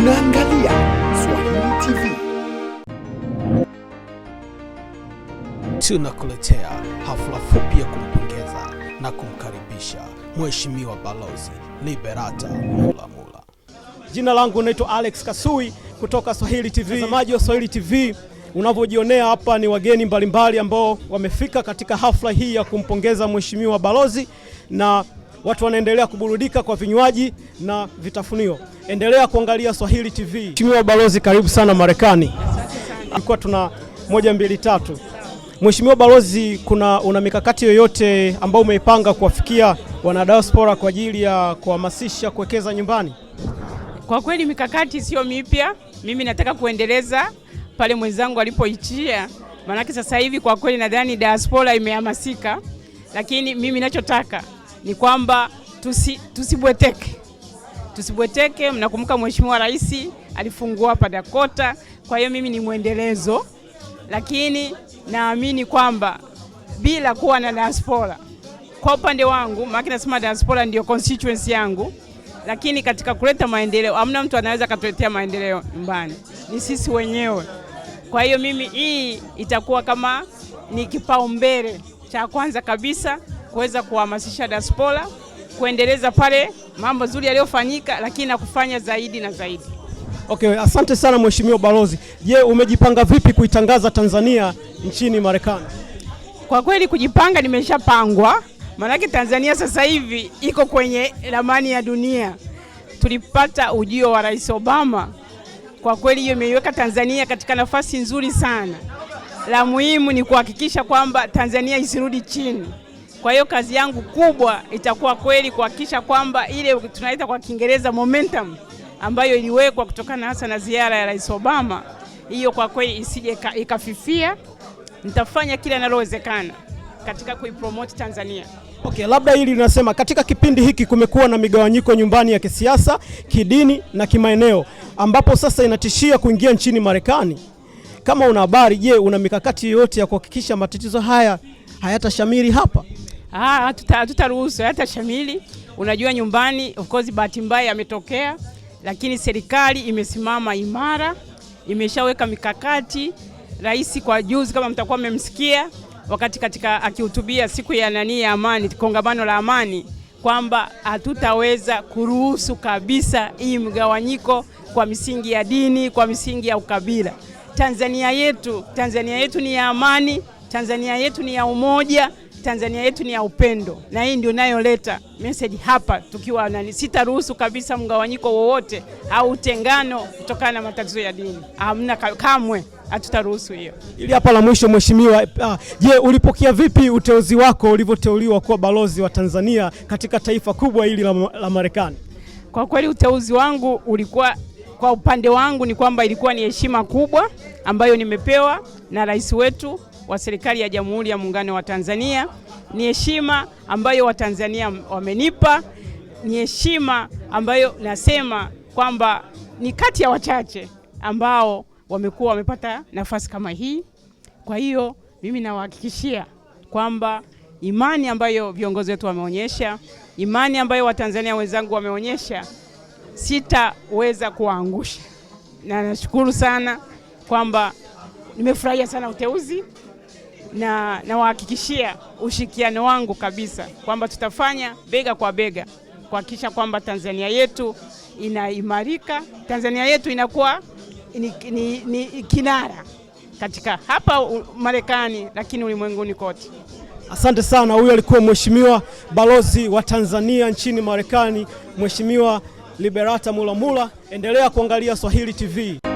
Unaangalia Swahili TV. Tunakuletea hafla fupi ya kumpongeza na kumkaribisha Mheshimiwa Balozi Liberata Mulamula. Jina langu naitwa Alex Kasui kutoka Swahili TV. Mtazamaji wa Swahili TV, unavyojionea hapa ni wageni mbalimbali ambao wamefika katika hafla hii ya kumpongeza Mheshimiwa Balozi na watu wanaendelea kuburudika kwa vinywaji na vitafunio. Endelea kuangalia Swahili TV. Mheshimiwa Balozi, karibu sana Marekani. Ilikuwa tuna moja mbili tatu. Mheshimiwa Balozi, kuna una mikakati yoyote ambayo umeipanga kuwafikia wanadiaspora kwa ajili ya kuhamasisha kuwekeza nyumbani? Kwa kweli mikakati sio mipya, mimi nataka kuendeleza pale mwenzangu alipoichia, maanake sasa hivi kwa kweli nadhani diaspora imehamasika, lakini mimi ninachotaka ni kwamba tusi, tusibweteke tusibweteke. Mnakumbuka Mheshimiwa Rais alifungua Padakota, kwa hiyo mimi ni mwendelezo, lakini naamini kwamba bila kuwa na diaspora kwa upande wangu, maana nasema diaspora ndio constituency yangu, lakini katika kuleta maendeleo hamna mtu anaweza akatuletea maendeleo nyumbani, ni sisi wenyewe. Kwa hiyo mimi hii itakuwa kama ni kipaumbele cha kwanza kabisa kuweza kuhamasisha diaspora kuendeleza pale mambo zuri yaliyofanyika, lakini na kufanya zaidi na zaidi. Okay, asante sana mheshimiwa balozi. Je, umejipanga vipi kuitangaza Tanzania nchini Marekani? Kwa kweli kujipanga nimeshapangwa, maanake Tanzania sasa hivi iko kwenye ramani ya dunia. Tulipata ujio wa Rais Obama, kwa kweli hiyo imeiweka Tanzania katika nafasi nzuri sana. La muhimu ni kuhakikisha kwamba Tanzania isirudi chini. Kwa hiyo kazi yangu kubwa itakuwa kweli kuhakikisha kwamba ile tunaita kwa Kiingereza momentum ambayo iliwekwa kutokana hasa na ziara ya Rais Obama, hiyo kwa kweli isije ikafifia. Nitafanya kila linalowezekana katika kuipromote Tanzania. Okay, labda hili linasema katika kipindi hiki kumekuwa na migawanyiko nyumbani ya kisiasa, kidini na kimaeneo ambapo sasa inatishia kuingia nchini Marekani. Kama una habari, je, una mikakati yoyote ya kuhakikisha matatizo haya hayatashamiri hapa? Ah, hatutaruhusu hata Shamili. Unajua nyumbani, of course, bahati mbaya ametokea, lakini serikali imesimama imara, imeshaweka mikakati. Rais kwa juzi, kama mtakuwa mmemsikia wakati katika akihutubia siku ya nani ya amani, kongamano la amani, kwamba hatutaweza kuruhusu kabisa hii mgawanyiko kwa misingi ya dini, kwa misingi ya ukabila. Tanzania yetu, Tanzania yetu ni ya amani, Tanzania yetu ni ya umoja. Tanzania yetu ni ya upendo, na hii ndio inayoleta message hapa tukiwa nani. Sitaruhusu kabisa mgawanyiko wowote au utengano kutokana na matatizo ya dini, hamna kamwe, hatutaruhusu hiyo. Ili hapa la mwisho, mheshimiwa, ah, je, ulipokea vipi uteuzi wako ulivyoteuliwa kuwa balozi wa Tanzania katika taifa kubwa hili la, la Marekani? Kwa kweli uteuzi wangu ulikuwa kwa upande wangu ni kwamba ilikuwa ni heshima kubwa ambayo nimepewa na rais wetu wa serikali ya Jamhuri ya Muungano wa Tanzania. Ni heshima ambayo Watanzania wamenipa, ni heshima ambayo nasema kwamba ni kati ya wachache ambao wamekuwa wamepata nafasi kama hii. Kwa hiyo mimi nawahakikishia kwamba imani ambayo viongozi wetu wameonyesha, imani ambayo Watanzania wenzangu wameonyesha, sitaweza kuwaangusha, na nashukuru sana kwamba nimefurahia sana uteuzi na nawahakikishia ushirikiano wangu kabisa kwamba tutafanya bega kwa bega kuhakikisha kwamba Tanzania yetu inaimarika, Tanzania yetu inakuwa ni, ni, ni kinara katika hapa Marekani, lakini ulimwenguni kote. Asante sana. Huyu alikuwa Mheshimiwa Balozi wa Tanzania nchini Marekani, Mheshimiwa Liberata Mulamula. Endelea kuangalia Swahili TV.